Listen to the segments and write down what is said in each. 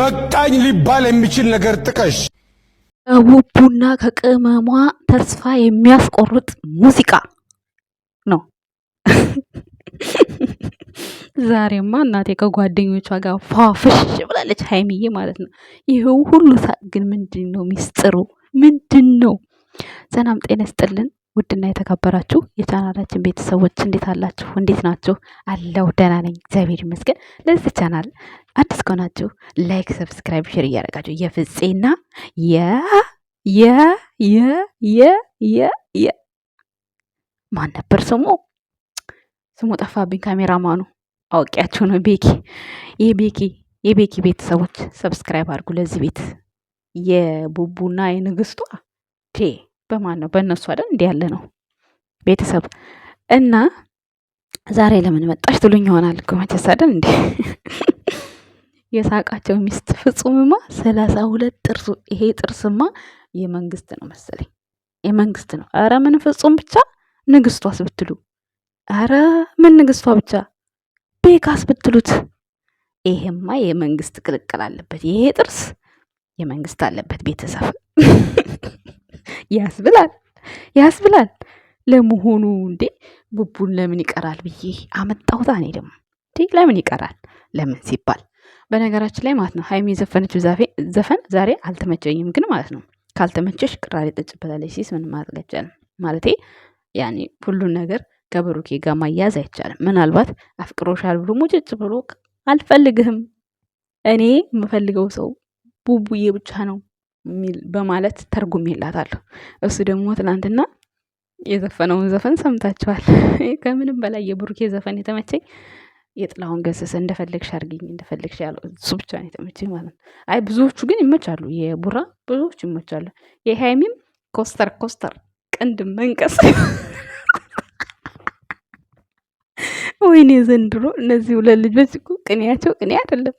በቃኝ ሊባል የሚችል ነገር ጥቀሽ። ውቡና ከቅመሟ ተስፋ የሚያስቆርጥ ሙዚቃ ነው። ዛሬማ እናቴ ከጓደኞቿ ጋር ፏፍሽ ብላለች፣ ሀይሚዬ ማለት ነው። ይኸው ሁሉ ሳቅ ግን ምንድን ነው ሚስጥሩ? ምንድን ነው? ሰላም ጤና ይስጥልን። ውድና የተከበራችሁ የቻናላችን ቤተሰቦች እንዴት አላችሁ? እንዴት ናችሁ? አለው ደህና ነኝ፣ እግዚአብሔር ይመስገን። ለዚህ ቻናል አዲስ ከሆናችሁ ላይክ፣ ሰብስክራይብ፣ ሼር እያደረጋችሁ የፍፄና የ የ የ የ የ የ ማን ነበር ስሙ? ስሙ ጠፋብኝ። ካሜራማኑ አውቂያችሁ ነው። ቤኪ የቤኪ የቤኪ ቤተሰቦች ሰብስክራይብ አድርጉ ለዚህ ቤት የቡቡና የንግስቷ ቴ በማን ነው? በእነሱ አይደል? እንዲህ ያለ ነው ቤተሰብ እና ዛሬ ለምን መጣሽ ትሉኝ ይሆናል እኮ መቼስ አይደል እንዴ? የሳቃቸው ሚስት ፍጹምማ ሰላሳ ሁለት ጥርሱ ይሄ ጥርስማ የመንግስት ነው መሰለኝ የመንግስት ነው። አረ ምን ፍጹም ብቻ ንግስቷስ ብትሉ፣ አረ ምን ንግስቷ ብቻ ቤካስ ብትሉት፣ ይሄማ የመንግስት ቅልቅል አለበት። ይሄ ጥርስ የመንግስት አለበት ቤተሰብ ያስብላል ያስብላል። ለመሆኑ እንዴ ቡቡን ለምን ይቀራል ብዬ አመጣሁታ። እኔ ደግሞ ለምን ይቀራል ለምን ሲባል በነገራችን ላይ ማለት ነው ሀይሚ የዘፈነችው ዘፈን ዛሬ አልተመቸኝም፣ ግን ማለት ነው ካልተመቸሽ ቅራሪ ጠጭበታለች ሲስ ምን ማድረግ ማለቴ ያኔ ሁሉን ነገር ከብሩኬ ጋር ማያዝ አይቻልም። ምናልባት አፍቅሮሻል ብሎ ሙጭጭ ብሎ አልፈልግህም እኔ የምፈልገው ሰው ቡቡዬ ብቻ ነው በማለት ተርጉም ተርጉሜላታለሁ። እሱ ደግሞ ትናንትና የዘፈነውን ዘፈን ሰምታችኋል። ከምንም በላይ የብሩኬ ዘፈን የተመቸኝ የጥላሁን ገሰሰ እንደፈለግሽ አድርጊኝ እንደፈለግሽ ያለው እሱ ብቻ ነው የተመቸኝ ማለት ነው። አይ ብዙዎቹ ግን ይመቻሉ፣ የቡራ ብዙዎቹ ይመቻሉ። የሃይሚም ኮስተር ኮስተር ቅንድ መንቀስ ወይኔ ዘንድሮ እነዚህ ሁለት ልጆች ቅኔያቸው ቅኔ አይደለም።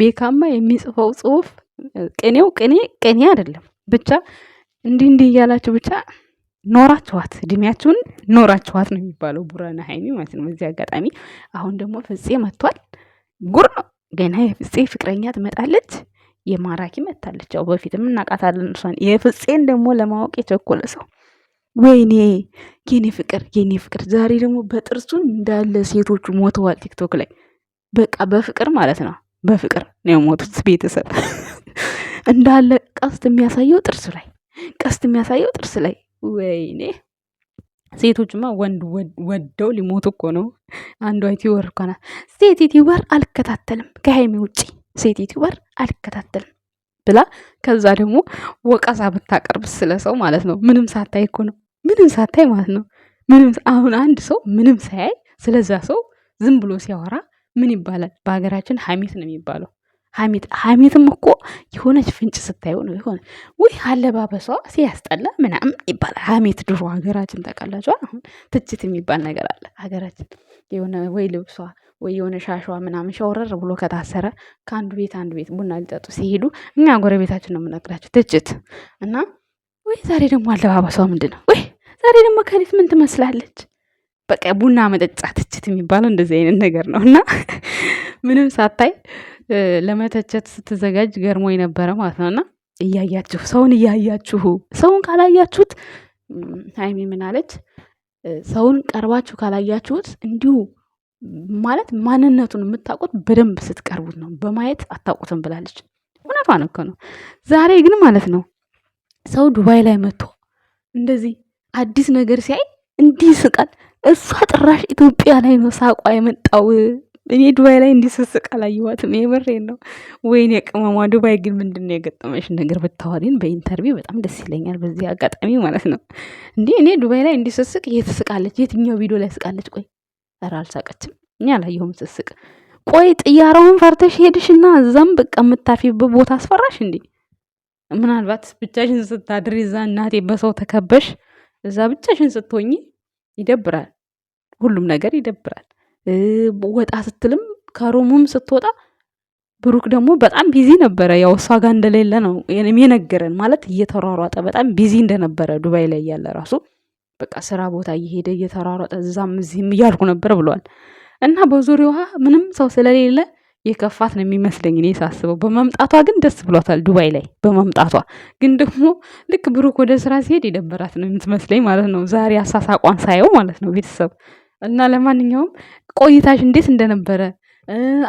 ቤካማ የሚጽፈው ጽሁፍ ቅኔው ቅኔ ቅኔ አይደለም ብቻ እንዲህ እንዲህ እያላችሁ ብቻ ኖራችኋት እድሜያችሁን ኖራችኋት ነው የሚባለው። ቡራና ሀይሚ ማለት ነው። እዚህ አጋጣሚ አሁን ደግሞ ፍፄ መጥቷል። ጉር ነው ገና የፍፄ ፍቅረኛ ትመጣለች። የማራኪ መታለች ያው በፊትም እናቃታለን እሷን። የፍፄን ደግሞ ለማወቅ የቸኮለ ሰው ወይኔ የኔ ፍቅር የኔ ፍቅር ዛሬ ደግሞ በጥርሱ እንዳለ ሴቶቹ ሞተዋል። ቲክቶክ ላይ በቃ በፍቅር ማለት ነው። በፍቅር ነው የሞቱት ቤተሰብ እንዳለ ቀስት የሚያሳየው ጥርስ ላይ ቀስት የሚያሳየው ጥርስ ላይ ወይኔ ሴቶችማ ወንድ ወደው ሊሞቱ እኮ ነው። አንዷ ዩቲዩበር እኮ ናት። ሴት ዩቲዩበር አልከታተልም ከሀይሚ ውጪ ሴት ዩቲዩበር አልከታተልም ብላ ከዛ ደግሞ ወቀሳ ብታቀርብ ስለ ሰው ማለት ነው። ምንም ሳታይ እኮ ነው። ምንም ሳታይ ማለት ነው። ምንም አሁን አንድ ሰው ምንም ሳያይ ስለዛ ሰው ዝም ብሎ ሲያወራ ምን ይባላል? በሀገራችን ሀሜት ነው የሚባለው። ሐሜት እኮ የሆነች ፍንጭ ስታዩ ነው። የሆነ ውይ አለባበሷ ሲያስጠላ ምናምን ይባላል ሀሜት ድሮ ሀገራችን ታውቃላችሁ፣ አሁን ትችት የሚባል ነገር አለ ሀገራችን። የሆነ ወይ ልብሷ ወይ የሆነ ሻሿ ምናምን ሸውረር ብሎ ከታሰረ ከአንዱ ቤት አንዱ ቤት ቡና ሊጠጡ ሲሄዱ እኛ ጎረቤታችን ነው የምነግራቸው ትችት እና ወይ ዛሬ ደግሞ አለባበሷ ምንድን ነው? ወይ ዛሬ ደግሞ ከሊት ምን ትመስላለች? በቃ ቡና መጠጫ ትችት የሚባለው እንደዚህ አይነት ነገር ነው እና ምንም ሳታይ ለመተቸት ስትዘጋጅ ገርሞ የነበረ ማለት ነው። እና እያያችሁ ሰውን እያያችሁ ሰውን ካላያችሁት ሀይሚ ምን አለች? ሰውን ቀርባችሁ ካላያችሁት እንዲሁ ማለት ማንነቱን የምታውቁት በደንብ ስትቀርቡት ነው፣ በማየት አታውቁትም ብላለች። እውነቷ እኮ ነው። ዛሬ ግን ማለት ነው ሰው ዱባይ ላይ መጥቶ እንደዚህ አዲስ ነገር ሲያይ እንዲህ ይስቃል። እሷ ጥራሽ ኢትዮጵያ ላይ ነው ሳቋ የመጣው። እኔ ዱባይ ላይ እንዲስስቅ አላየኋትም። ብሬን ነው። ወይኔ ቅመሟ! ዱባይ ግን ምንድን ነው የገጠመሽ ነገር ብታወሪን በኢንተርቪው በጣም ደስ ይለኛል። በዚህ አጋጣሚ ማለት ነው እንዲህ እኔ ዱባይ ላይ እንዲስስቅ የትስቃለች? የትኛው ቪዲዮ ላይ ስቃለች? ቆይ ኧረ አልሳቀችም። እኔ አላየሁም ስስቅ። ቆይ ጥያራውን ፈርተሽ ሄድሽና እዛም በቃ የምታርፊበት ቦታ አስፈራሽ እንዴ? ምናልባት ብቻሽን ስታድሪ እዛ እናቴ በሰው ተከበሽ እዛ ብቻሽን ስትሆኝ ይደብራል። ሁሉም ነገር ይደብራል። ወጣ ስትልም ከሩሙም ስትወጣ ብሩክ ደግሞ በጣም ቢዚ ነበረ። ያው እሷ ጋር እንደሌለ ነው የነገረን። ማለት እየተሯሯጠ በጣም ቢዚ እንደነበረ ዱባይ ላይ ያለ ራሱ በቃ ስራ ቦታ እየሄደ እየተሯሯጠ እዛም እዚህም እያልኩ ነበር ብሏል። እና በዙሪያዋ ምንም ሰው ስለሌለ የከፋት ነው የሚመስለኝ እኔ ሳስበው። በመምጣቷ ግን ደስ ብሏታል ዱባይ ላይ በመምጣቷ ግን ደግሞ ልክ ብሩክ ወደ ስራ ሲሄድ የደበራት ነው የምትመስለኝ ማለት ነው። ዛሬ አሳሳቋን ሳየው ማለት ነው ቤተሰብ እና ለማንኛውም ቆይታሽ እንዴት እንደነበረ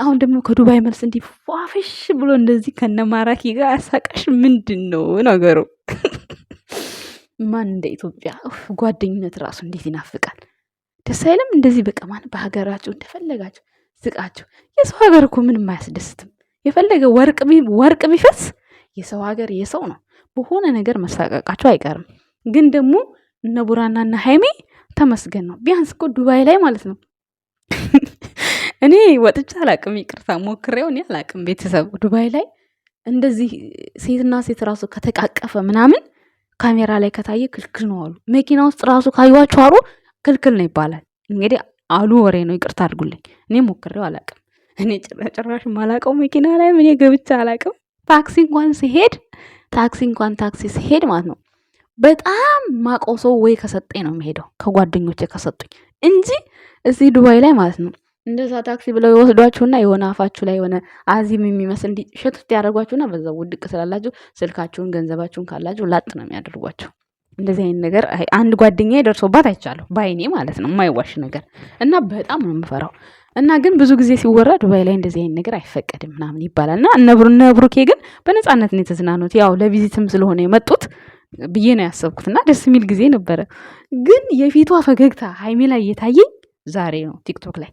አሁን ደግሞ ከዱባይ መልስ እንዲህ ፏፍሽ ብሎ እንደዚህ ከነማራኪ ጋር አሳቃሽ ምንድን ነው ነገሩ? ማን እንደ ኢትዮጵያ ጓደኝነት ራሱ እንዴት ይናፍቃል። ደስ አይልም? እንደዚህ በቃ ማን በሀገራችሁ እንደፈለጋችሁ ስቃችሁ። የሰው ሀገር እኮ ምንም አያስደስትም። የፈለገ ወርቅ ቢፈስ የሰው ሀገር የሰው ነው። በሆነ ነገር መሳቀቃቸው አይቀርም። ግን ደግሞ እነ ቡራና እነ ሀይሜ ተመስገን ነው። ቢያንስ እኮ ዱባይ ላይ ማለት ነው እኔ ወጥቼ አላቅም፣ ይቅርታ ሞክሬው እኔ አላቅም። ቤተሰብ ዱባይ ላይ እንደዚህ ሴትና ሴት ራሱ ከተቃቀፈ ምናምን ካሜራ ላይ ከታየ ክልክል ነው አሉ። መኪና ውስጥ ራሱ ካዩቸው አሩ ክልክል ነው ይባላል። እንግዲህ አሉ ወሬ ነው፣ ይቅርታ አድርጉልኝ። እኔ ሞክሬው አላቅም። እኔ ጭራሽ ማላቀው መኪና ላይ እኔ ገብቼ አላቅም። ታክሲ እንኳን ሲሄድ ታክሲ እንኳን ታክሲ ሲሄድ ማለት ነው በጣም ማቀው ወይ ከሰጠኝ ነው የሚሄደው ከጓደኞቼ ከሰጡኝ እንጂ እዚህ ዱባይ ላይ ማለት ነው እንደዛ ታክሲ ብለው ይወስዷችሁና የሆነ አፋችሁ ላይ የሆነ አዚም የሚመስል እንዲ ሸትት ያደርጓችሁና በዛ ውድቅ ስላላችሁ ስልካችሁን ገንዘባችሁን ካላችሁ ላጥ ነው የሚያደርጓቸው። እንደዚህ አይነት ነገር አንድ ጓደኛ ደርሶባት አይቻለሁ፣ በአይኔ ማለት ነው የማይዋሽ ነገር እና በጣም ነው የምፈራው። እና ግን ብዙ ጊዜ ሲወራ ዱባይ ላይ እንደዚህ አይነት ነገር አይፈቀድም ምናምን ይባላል። እና እነ ብሩኬ ግን በነፃነት ነው የተዝናኑት። ያው ለቪዚትም ስለሆነ የመጡት ብዬ ነው ያሰብኩት እና ደስ የሚል ጊዜ ነበረ። ግን የፊቷ ፈገግታ ሀይሜ ላይ እየታየኝ ዛሬ ነው ቲክቶክ ላይ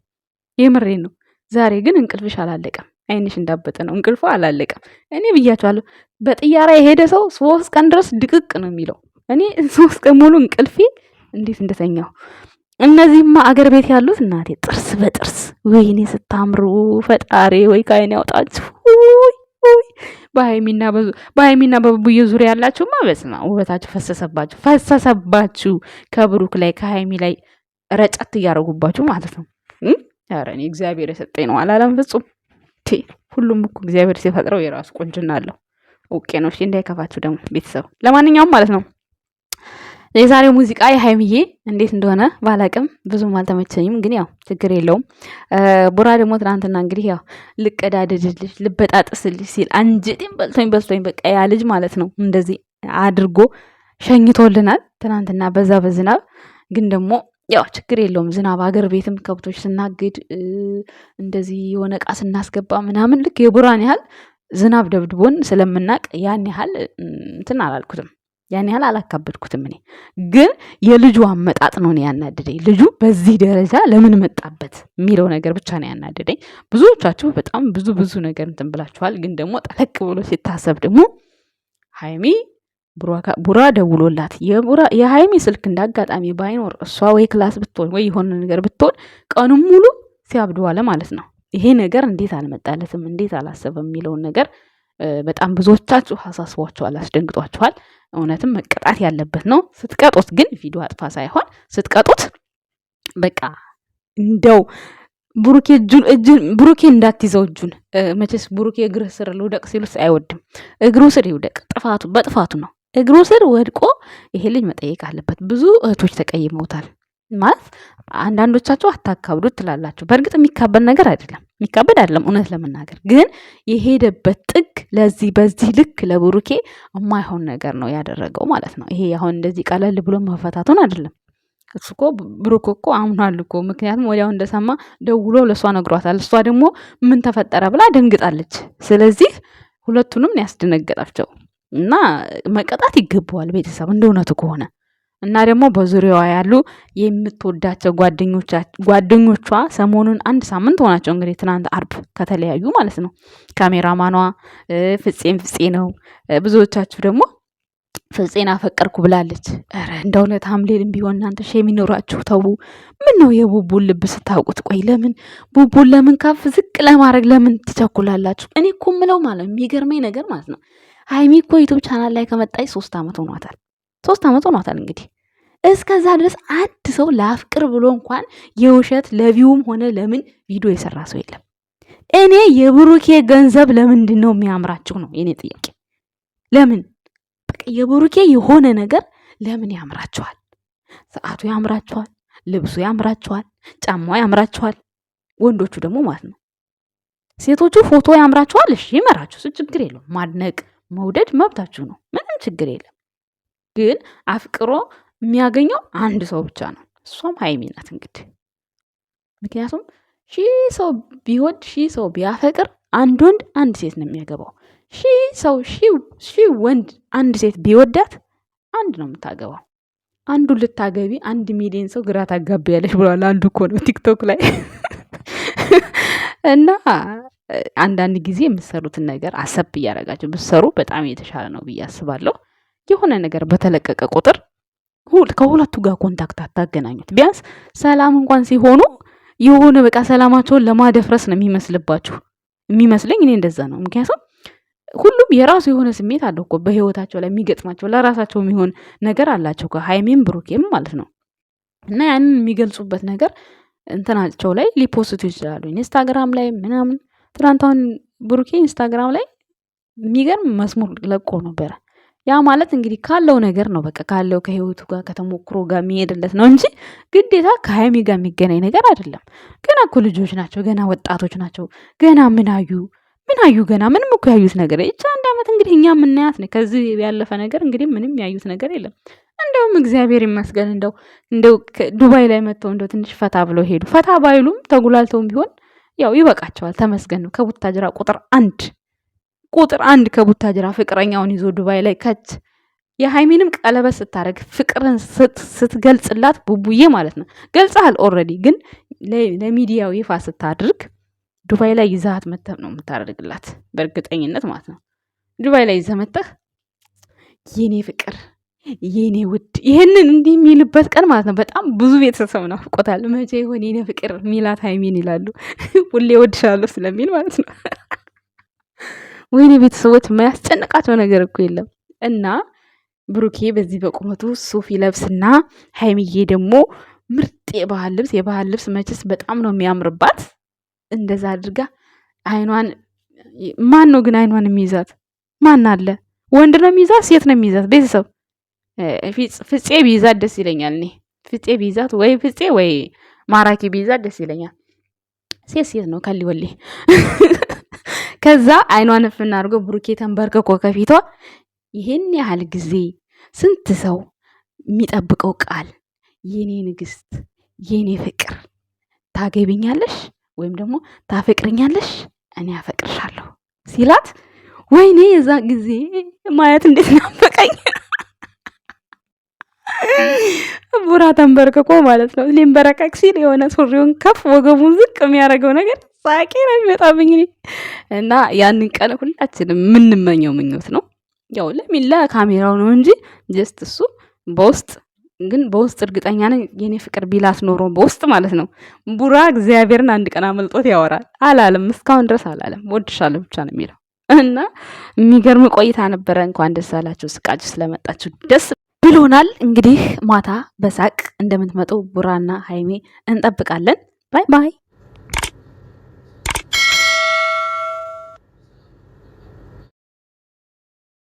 የምሬ ነው። ዛሬ ግን እንቅልፍሽ አላለቀም፣ አይንሽ እንዳበጠ ነው እንቅልፎ አላለቀም። እኔ ብያቸዋለሁ፣ በጥያራ የሄደ ሰው ሶስት ቀን ድረስ ድቅቅ ነው የሚለው። እኔ ሶስት ቀን ሙሉ እንቅልፌ እንዴት እንደተኛው እነዚህማ አገር ቤት ያሉት እናቴ ጥርስ በጥርስ ወይኔ ስታምሩ ፈጣሪ ወይ ከአይን ያውጣችሁ በሀይሚና በቡዬ ዙሪያ ያላችሁ ማለት ነው ውበታችሁ ፈሰሰባችሁ ፈሰሰባችሁ። ከብሩክ ላይ ከሀይሚ ላይ ረጨት እያደረጉባችሁ ማለት ነው። ኧረ እኔ እግዚአብሔር የሰጠኝ ነው አላለም ፍጹም። ሁሉም እኮ እግዚአብሔር ሲፈጥረው የራሱ ቁንጅና አለው። ኦኬ ነው። እንዳይከፋችሁ ደግሞ ቤተሰብ። ለማንኛውም ማለት ነው የዛሬው ሙዚቃ የሀይምዬ እንዴት እንደሆነ ባላቅም ብዙም አልተመቸኝም፣ ግን ያው ችግር የለውም። ቡራ ደግሞ ትናንትና እንግዲህ ያው ልቀዳደድልሽ ልበጣጥስልሽ ሲል አንጀቴን በልቶኝ በልቶኝ በቃ ያ ልጅ ማለት ነው እንደዚህ አድርጎ ሸኝቶልናል ትናንትና በዛ በዝናብ ግን ደግሞ ያው ችግር የለውም። ዝናብ አገር ቤትም ከብቶች ስናግድ እንደዚህ የሆነ እቃ ስናስገባ ምናምን ልክ የቡራን ያህል ዝናብ ደብድቦን ስለምናቅ ያን ያህል እንትን አላልኩትም። ያን ያህል አላካበድኩትም። እኔ ግን የልጁ አመጣጥ ነው ያናደደኝ። ልጁ በዚህ ደረጃ ለምን መጣበት የሚለው ነገር ብቻ ነው ያናደደኝ። ብዙዎቻችሁ በጣም ብዙ ብዙ ነገር እንትን ብላችኋል። ግን ደግሞ ጠለቅ ብሎ ሲታሰብ ደግሞ ሀይሚ ቡራ ደውሎላት የሀይሚ ስልክ እንዳጋጣሚ ባይኖር እሷ ወይ ክላስ ብትሆን ወይ የሆነ ነገር ብትሆን ቀኑን ሙሉ ሲያብደዋለ ማለት ነው። ይሄ ነገር እንዴት አልመጣለትም እንዴት አላሰበም የሚለውን ነገር በጣም ብዙዎቻችሁ አሳስቧችኋል፣ አስደንግጧችኋል። እውነትም መቀጣት ያለበት ነው። ስትቀጡት ግን ቪዲዮ አጥፋ ሳይሆን ስትቀጡት በቃ እንደው ብሩኬ እጁን ብሩኬ እንዳትይዘው እጁን። መቼስ ብሩኬ እግር ስር ልውደቅ ሲሉት አይወድም። እግሩ ስር ይውደቅ፣ ጥፋቱ በጥፋቱ ነው። እግሩ ስር ወድቆ ይሄ ልጅ መጠየቅ አለበት። ብዙ እህቶች ተቀይመውታል። ማለት አንዳንዶቻችሁ አታካብዱት ትላላችሁ። በእርግጥ የሚካበድ ነገር አይደለም፣ የሚካበድ አይደለም። እውነት ለመናገር ግን የሄደበት ጥግ ለዚህ በዚህ ልክ ለብሩኬ የማይሆን ነገር ነው ያደረገው ማለት ነው። ይሄ አሁን እንደዚህ ቀለል ብሎ መፈታቱን አይደለም። እሱ እኮ ብሩክ እኮ አምኗል እኮ ምክንያቱም ወዲያው እንደሰማ ደውሎ ለእሷ ነግሯታል። እሷ ደግሞ ምን ተፈጠረ ብላ ደንግጣለች። ስለዚህ ሁለቱንም ያስደነገጣቸው እና መቀጣት ይገባዋል ቤተሰብ እንደ እውነቱ ከሆነ እና ደግሞ በዙሪያዋ ያሉ የምትወዳቸው ጓደኞቿ ሰሞኑን አንድ ሳምንት ሆናቸው እንግዲህ ትናንት አርብ ከተለያዩ ማለት ነው። ካሜራማኗ ፍፄም ፍፄ ነው። ብዙዎቻችሁ ደግሞ ፍፄን አፈቀርኩ ብላለች። ኧረ እንደ እውነት ሐምሌንም ቢሆን እናንተ ሼም የሚኖራችሁ ተዉ። ምን ነው የቡቡን ልብ ስታውቁት? ቆይ ለምን ቡቡን ለምን ከፍ ዝቅ ለማድረግ ለምን ትቸኩላላችሁ? እኔ እኮ ምለው ማለት የሚገርመኝ ነገር ማለት ነው ሀይሚ እኮ ዩቱብ ቻናል ላይ ከመጣች ሶስት አመት ሆኗታል። ሶስት ዓመት ሆኗታል እንግዲህ እስከዛ ድረስ አንድ ሰው ለአፍቅር ብሎ እንኳን የውሸት ለቪውም ሆነ ለምን ቪዲዮ የሰራ ሰው የለም። እኔ የብሩኬ ገንዘብ ለምንድን ነው የሚያምራችሁ ነው የኔ ጥያቄ። ለምን በቃ የብሩኬ የሆነ ነገር ለምን ያምራችኋል? ሰዓቱ ያምራችኋል፣ ልብሱ ያምራችኋል፣ ጫማው ያምራችኋል። ወንዶቹ ደግሞ ማለት ነው። ሴቶቹ ፎቶ ያምራችኋል፣ እሺ ይመራችሁ፣ ችግር የለውም። ማድነቅ መውደድ መብታችሁ ነው፣ ምንም ችግር የለም። ግን አፍቅሮ የሚያገኘው አንድ ሰው ብቻ ነው። እሷም ሀይሚ ናት እንግዲህ ምክንያቱም ሺህ ሰው ቢወድ ሺህ ሰው ቢያፈቅር አንድ ወንድ አንድ ሴት ነው የሚያገባው። ሺህ ሰው ሺህ ወንድ አንድ ሴት ቢወዳት አንድ ነው የምታገባው። አንዱ ልታገቢ አንድ ሚሊዮን ሰው ግራ ያለች ብለዋል። አንዱ እኮ ነው ቲክቶክ ላይ እና አንዳንድ ጊዜ የምትሰሩትን ነገር አሰብ እያደረጋችሁ ብትሰሩ በጣም የተሻለ ነው ብዬ አስባለሁ። የሆነ ነገር በተለቀቀ ቁጥር ከሁለቱ ጋር ኮንታክት አታገናኙት። ቢያንስ ሰላም እንኳን ሲሆኑ የሆነ በቃ ሰላማቸውን ለማደፍረስ ነው የሚመስልባችሁ የሚመስለኝ። እኔ እንደዛ ነው። ምክንያቱም ሁሉም የራሱ የሆነ ስሜት አለው እኮ በህይወታቸው ላይ የሚገጥማቸው ለራሳቸው የሚሆን ነገር አላቸው። ከሀይሜም ብሩኬም ማለት ነው እና ያንን የሚገልጹበት ነገር እንትናቸው ላይ ሊፖስቱ ይችላሉ። ኢንስታግራም ላይ ምናምን ትናንት አሁን ብሩኬ ኢንስታግራም ላይ የሚገርም መስሙር ለቆ ነበረ። ያ ማለት እንግዲህ ካለው ነገር ነው። በቃ ካለው ከህይወቱ ጋር ከተሞክሮ ጋር የሚሄድለት ነው እንጂ ግዴታ ከሀይሚ ጋር የሚገናኝ ነገር አይደለም። ገና እኮ ልጆች ናቸው፣ ገና ወጣቶች ናቸው። ገና ምን አዩ ምን አዩ ገና ምንም እኮ ያዩት ነገር ይቻ አንድ አመት እንግዲህ እኛ የምናያት ነው። ከዚህ ያለፈ ነገር እንግዲህ ምንም ያዩት ነገር የለም። እንደውም እግዚአብሔር ይመስገን እንደው እንደው ዱባይ ላይ መጥተው እንደው ትንሽ ፈታ ብለው ሄዱ። ፈታ ባይሉም ተጉላልተውም ቢሆን ያው ይበቃቸዋል። ተመስገን ነው። ከቡታጅራ ቁጥር አንድ ቁጥር አንድ ከቡታጅራ ፍቅረኛውን ይዞ ዱባይ ላይ ከች የሃይሚንም ቀለበት ስታደርግ ፍቅርን ስትገልጽላት ቡቡዬ ማለት ነው ገልጸሃል። ኦልሬዲ ግን ለሚዲያው ይፋ ስታድርግ ዱባይ ላይ ይዛት መተህ ነው የምታደርግላት በእርግጠኝነት ማለት ነው። ዱባይ ላይ ይዘህ መተህ የኔ ፍቅር የኔ ውድ ይህንን እንዲህ የሚልበት ቀን ማለት ነው። በጣም ብዙ ቤተሰብ ናፍቆታል። መቼ ይሆን የኔ ፍቅር ሚላት ሃይሚን ይላሉ። ሁሌ ወድሻለሁ ስለሚል ማለት ነው። ወይኔ ቤተሰቦች የማያስጨንቃቸው ነገር እኮ የለም። እና ብሩኬ በዚህ በቁመቱ ሱፍ ይለብስና ሀይሚዬ ደግሞ ምርጥ የባህል ልብስ የባህል ልብስ መቼስ በጣም ነው የሚያምርባት። እንደዛ አድርጋ አይኗን ማን ነው ግን አይኗን የሚይዛት ማን አለ? ወንድ ነው የሚይዛት? ሴት ነው የሚይዛት? ቤተሰብ ፍፄ ቢይዛት ደስ ይለኛል። እኔ ፍፄ ቢይዛት ወይ ፍፄ ወይ ማራኪ ቢይዛት ደስ ይለኛል። ሴት ሴት ነው ከሊወሌ ወሌ ከዛ አይኗን እፍና አድርጎ ብሩኬ ተንበርክኮ ከፊቷ ይሄን ያህል ጊዜ ስንት ሰው የሚጠብቀው ቃል የኔ ንግስት፣ የኔ ፍቅር ታገቢኛለሽ ወይም ደግሞ ታፈቅርኛለሽ፣ እኔ አፈቅርሻለሁ ሲላት፣ ወይኔ የዛ ጊዜ ማየት እንዴት ናፈቀኝ። ቡራ ተንበርክኮ ማለት ነው። ሊንበረቀቅ ሲል የሆነ ሱሪውን ከፍ ወገቡን ዝቅ የሚያደርገው ነገር ሳቄ ነው የሚመጣብኝ እና ያንን ቀን ሁላችንም የምንመኘው ምኞት ነው። ያው ለሚላ ካሜራው ነው እንጂ ጀስት እሱ በውስጥ ግን በውስጥ እርግጠኛ ነኝ የኔ ፍቅር ቢላ ኖሮ በውስጥ ማለት ነው ቡራ እግዚአብሔርን አንድ ቀን አመልጦት ያወራል አላለም። እስካሁን ድረስ አላለም። ወድሻለሁ ብቻ ነው የሚለው እና የሚገርም ቆይታ ነበረ። እንኳን ደስ አላችሁ። ስቃችሁ ስለመጣችሁ ደስ ብሎናል። እንግዲህ ማታ በሳቅ እንደምትመጡ ቡራና ሀይሜ እንጠብቃለን። ባይ ባይ።